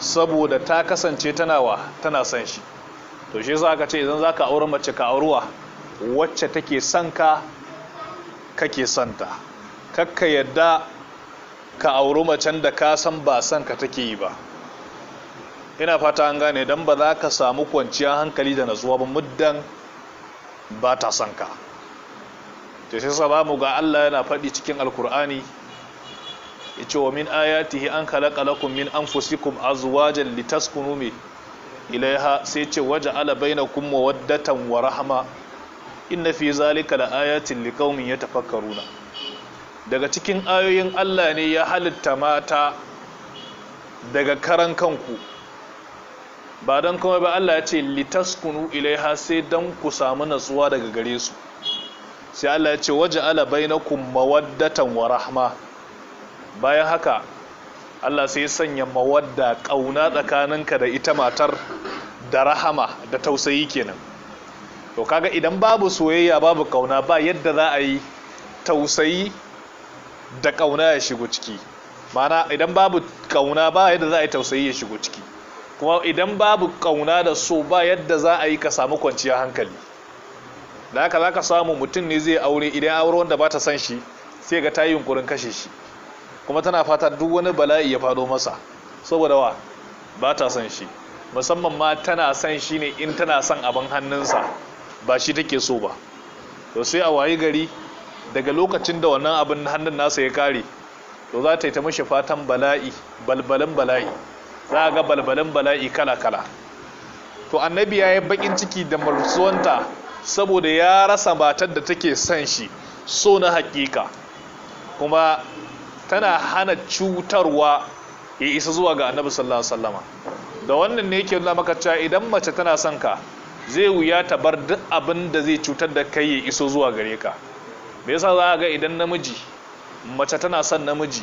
saboda ta kasance tana wa tana san shi to shi yasa ka ce idan ka aure mace ka auruwa wacce take son ka kake santa kakka yadda ka auri macen da ka san ba son ka take yi ba ina fata an gane don ba za ka samu kwanciyar hankali da natsuwa ba muddan ba ta son ka ta shi ba mu ga Allah yana faɗi cikin alkur'ani ce wa min ayatihi an khalaqa lakum min anfusikum azwajan litaskunu mi ilaiha sai ce waje kun ma waddatan wa rahama inna fi zalika ya liqaumin yatafakkaruna daga cikin ayoyin Allah ne ya halitta mata daga karan kanku ba don kuma ba Allah ya ce litaskunu ilaiha sai don ku samu natsuwa daga gare su sai Allah ya ce waje ala ma waddatan wa rahama. bayan haka Allah sai ya sanya mawadda ƙauna tsakaninka da ita matar da rahama da tausayi kenan to kaga idan babu soyayya babu ƙauna ba yadda za a yi tausayi da ƙauna ya shigo ciki mana idan babu ƙauna ba yadda za a yi tausayi ya shigo ciki kuma idan babu ƙauna da so ba yadda za a yi ka samu kwanciyar hankali da haka za ka samu mutum ne zai aure idan aure wanda ba ta son shi sai ga ta yi yunkurin kashe shi kuma tana fata duk wani bala'i ya faɗo masa saboda wa ba ta san shi musamman ma tana san shi ne in tana san abin hannunsa ba shi take so ba to sai a wayi gari daga lokacin da wannan abin hannun nasa ya kare to za ta yi ta mashi fatan bala'i balbalin bala'i za a ga balbalin bala'i kala-kala to annabi ya yi bakin ciki da marsuwanta saboda ya rasa matar da take san shi so na hakika kuma tana hana cutarwa ya isa zuwa ga annabi sallallahu alaihi wasallam da wannan ne yake nuna maka cewa idan mace tana son ka zai wuya ta bar duk abin da zai cutar da kai ya iso zuwa gare ka me yasa za ga idan namiji mace tana son namiji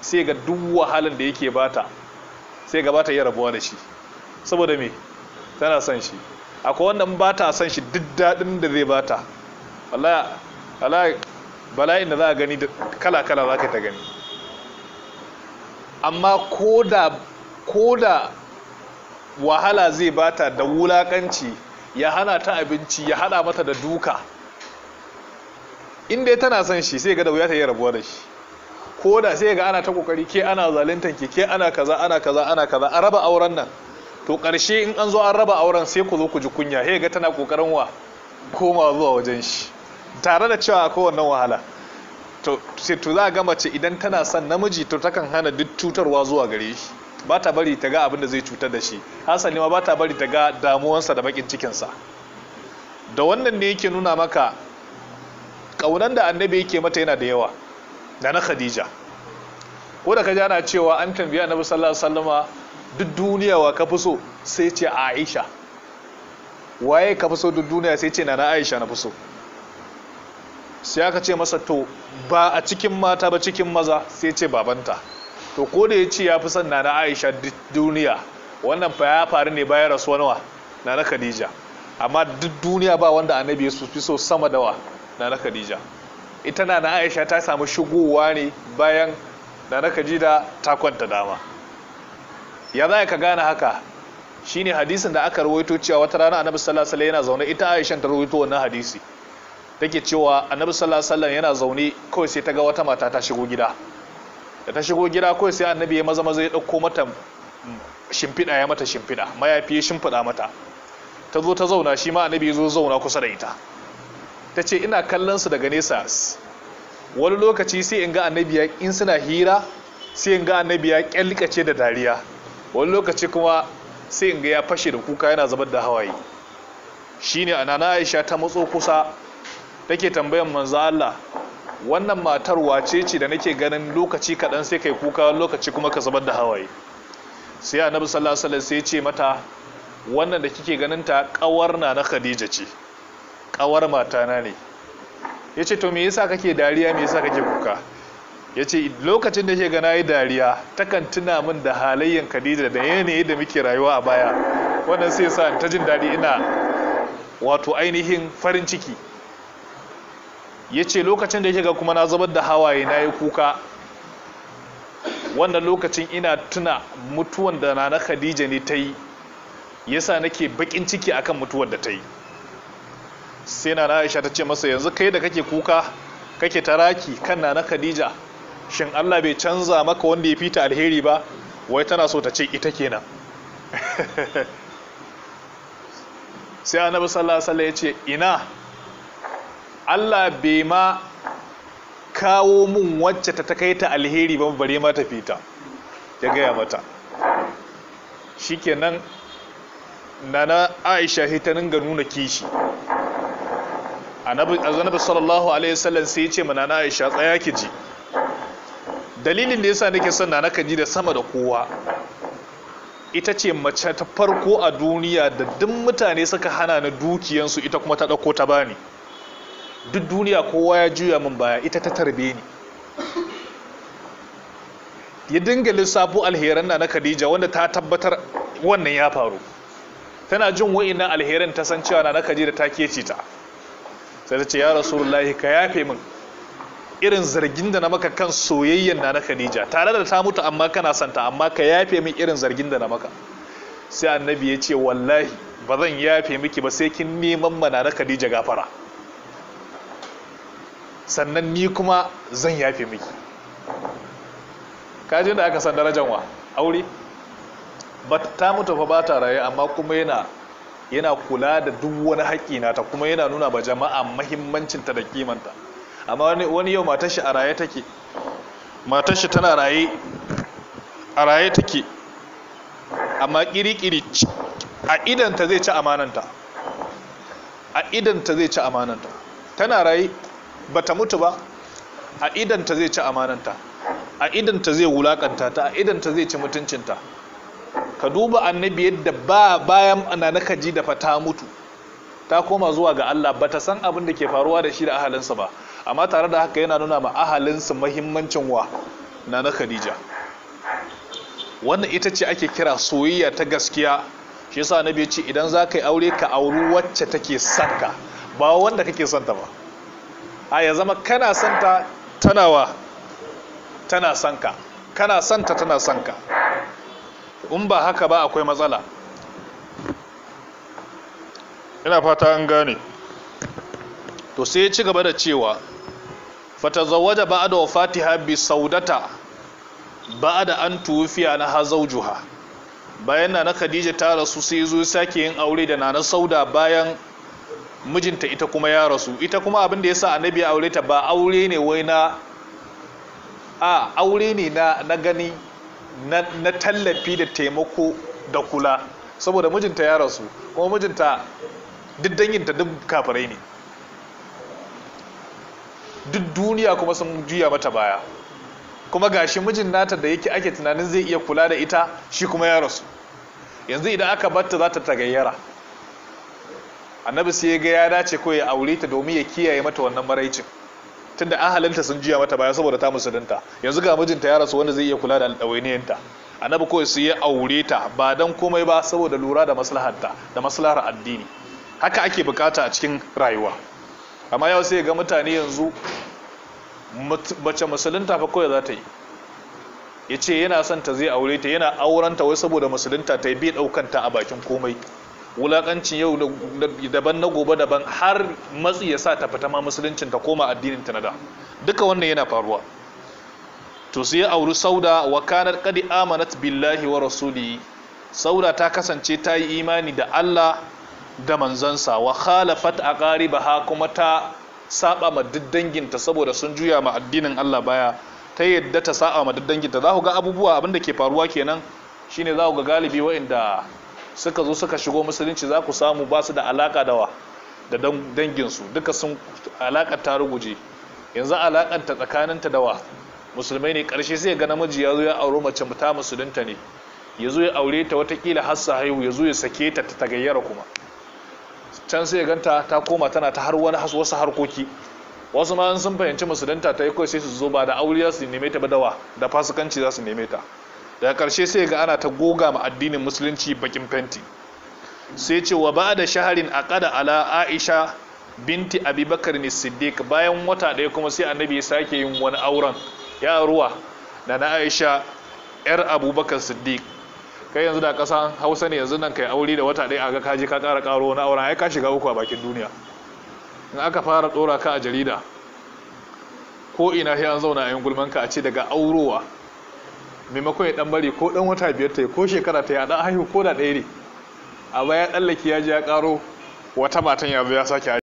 sai ga duk wahalan da yake bata sai ga bata iya rabuwa da shi saboda me tana son shi akwai wannan bata son shi duk dadin da zai bata wallahi bala'in da za a gani kala-kala za ka ta gani amma ko da wahala zai bata da wulakanci ya hana ta abinci ya hada mata da duka inda tana son shi sai ga da wuya ta yi rabuwa da shi ko da sai ga ana ta kokari ke ana zaluntan ke ke ana kaza ana kaza ana kaza a raba auren nan to ƙarshe in an zo an raba auren sai ku zo ku ji kunya sai ga tana kokarin wa koma zuwa wajen shi tare da cewa ko wannan wahala to za a gama ce idan tana son namiji to takan hana duk cutarwa zuwa gare shi ba ta bari ta ga abin da zai cutar da shi hasali ma ba ta bari ta ga damuwansa da bakin cikinsa da wannan ne yake nuna maka kaunan da annabi yake mata yana da yawa da na khadija ko da ka ji ana cewa an tambaya annabi sallallahu alaihi wasallama duk duniya wa ka fi so sai ce aisha waye ka fi so duk duniya sai ce nana aisha na fi so sai aka ce masa to ba a cikin mata ba cikin maza sai ce babanta to ko da ya ce ya fi son nana aisha duniya wannan fa ya faru ne bayan rasuwa nawa nana khadija amma duk duniya ba wanda annabi ya fi so sama da wa nana khadija ita nana aisha ta samu shigowa ne bayan nana khadija ta kwanta dama ya za ka gane haka Shi shine hadisin da aka rawaito cewa wata rana annabi sallallahu alaihi wasallam yana zaune ita aisha ta rawaito wannan hadisi take cewa annabi sallallahu alaihi wasallam yana zaune kawai sai ta ga wata mata ta shigo gida da ta shigo gida kawai sai annabi ya maza maza ya dauko mata shimfiɗa ya mata shimfiɗa mayafi ya shimfiɗa mata ta zo ta zauna shi ma annabi ya zo zauna kusa da ita ta ce ina kallon su daga nesa wani lokaci sai in ga annabi ya in suna hira sai in ga annabi ya kyalkace da dariya wani lokaci kuma sai in ga ya fashe da kuka yana zubar da hawaye shine anana Aisha ta matso kusa take tambayan manzo Allah wannan matar wace ce da nake ganin lokaci kaɗan sai kai kuka lokaci kuma ka zubar da hawaye sai annabi sallallahu alaihi wasallam sai ce mata wannan da kike ganin ta kawar na na Khadija ce kawar mata na ne yace to me yasa kake dariya me yasa kake kuka yace lokacin da kike gana ayi dariya takan tuna min da halayyan Khadija da yanayi da muke rayuwa a baya wannan sai yasa ta jin dadi ina wato ainihin farin ciki ya ce lokacin da yake ga kuma na zabar da hawaye na yi kuka wannan lokacin ina tuna mutuwan da na khadija ne ta yi yasa nake bakin ciki akan mutuwar da ta yi sai na aisha ta ce masa yanzu kai da kake kuka kake taraki kan na khadija shin allah bai canza maka wanda ya fita alheri ba wai tana so ta ce ita kenan sai annabi sallallahu alaihi wasallam ya ce ina Allah bai ma kawo mun wacce ta kai ta alheri ban bare ma ta fita, ya gaya mata shikenan nana Aisha hitanin ga nuna kishi annabi sallallahu alaihi wasallam sai ya ce mana na Aisha tsaya ki ji dalilin da yasa nake son nana ji da sama da kowa ita ce mace ta farko a duniya da duk mutane suka hana na dukiyansu ita kuma ta dauko ta bani duk duniya kowa ya juya min baya ita ta tarbe ni ya dinga lissafo alheran na na Khadija wanda ta tabbatar wannan ya faru tana jin wa'innan alheran ta san cewa na na Khadija ta ce ta sai ta ce ya rasulullahi ka yafe min irin zargin da na maka kan soyayyen na na Khadija tare da ta mutu amma kana santa amma ka yafe min irin zargin da na maka sai annabi ya ce wallahi ba zan yafe miki ba sai kin neman mana na Khadija gafara sannan ni kuma zan yafe miki kajin da aka san darajar wa aure ba ta mutu fa ba ta raye amma kuma yana yana kula da duk wani haƙƙi ta, kuma yana nuna ba jama'a muhimmancin ta da kimanta amma wani yau matar shi a raye take matar shi tana raye a raye take amma kiri-kiri a ta zai ci amananta a ta zai ci amananta tana raye ba ta mutu ba a idanta zai ci amananta a idanta zai wulakanta ta a idanta zai ci mutuncinta ka duba annabi yadda ba bayan ana na kaji da fata mutu ta koma zuwa ga Allah ba ta san abin da ke faruwa da shi da ahalinsa ba amma tare da haka yana nuna ma ahalinsa mahimmancin wa na na Khadija wannan ita ce ake kira soyayya ta gaskiya shi yasa annabi ya ce idan za ka yi aure ka auri wacce take son ka ba wanda kake son ta ba a ya zama kana santa tanawa tana sanka kana santa tana sanka in ba haka ba akwai matsala ina fata an gane to sai ya ci gaba da cewa ba da Fatiha bi saudata da an tuwufiya na hazaujuha bayan na khadija ta rasu sai zo sake yin aure da na sauda bayan mijinta ita kuma ya rasu ita kuma abin da ya sa annabi ya aure ta ba aure ne wai na a aure ne na gani na, tallafi da taimako da kula saboda mijinta ya rasu kuma mijinta duk danginta duk kafirai ne duk duniya kuma sun juya mata baya kuma gashi mijin nata da yake ake tunanin zai iya kula da ita shi kuma ya rasu yanzu idan aka batta za ta tagayyara annabi sai ya ga ya dace ko ya aure ta domin ya kiyaye mata wannan maraicin tunda ahalinta sun jiya mata baya saboda ta musulunta yanzu ga mijinta ya rasu wanda zai iya kula da alɗawainiyanta annabi kawai sai ya aure ta ba dan komai ba saboda lura da maslaharta da maslahar addini haka ake bukata a cikin rayuwa amma yau sai ga mutane yanzu mace musulunta fa kawai za ta yi ya ce yana son ta zai aure ta yana ta wai saboda musulunta ta yi bai ɗaukanta a bakin komai wulakancin yau daban na gobe daban har matsi ya sa ta fita ma musuluncin ta koma addinin ta na da duka wannan yana faruwa to sai auri sauda wa kanar qad amanat billahi wa rasuli sauda ta kasance ta yi imani da Allah da manzansa wa khalafat aqaribaha kuma ta saba ma saboda sun juya ma addinin Allah baya ta yadda ta saba ma za ku ga abubuwa abinda ke faruwa kenan shine za ku ga galibi waɗanda suka zo suka shigo musulunci za ku samu ba su da alaka dawa da danginsu duka sun alakar ta ruguje yanzu alakar ta tsakanin ta dawa musulmai ne karshe sai ga namiji ya zo ya auro mace ta musulunta ne ya zo ya aure ta watakila har sa haihu ya zo ya sake ta ta tagayyara kuma can sai ganta ta koma tana ta har wani wasu harkoki wasu ma sun fahimci musulunta ta yi kawai sai su zo ba da aure za su neme ta ba dawa da fasikanci za su neme ta daga karshe sai ga ana ta goga ma addinin musulunci bakin fenti sai ce wa ba da shaharin kada ala aisha binti abubakar ne siddiq bayan wata ɗaya kuma sai annabi ya sake yin wani auren ya ruwa da na aisha yar abubakar siddiq kai yanzu da ƙasa hausa ne yanzu nan kai aure da wata ɗaya a ga kaji ka ƙara ƙaro na auren ai ka shiga uku a bakin duniya in aka fara ɗora ka a jarida ko ina sai an zauna a yin gulmanka a ce daga aurowa maimakon ya dan bari ko dan wata biyar ta yi ko shekara ta yi a dan haihu ko da ɗaya ne a baya tsallake ya je ya karo wata matan ya zo ya sake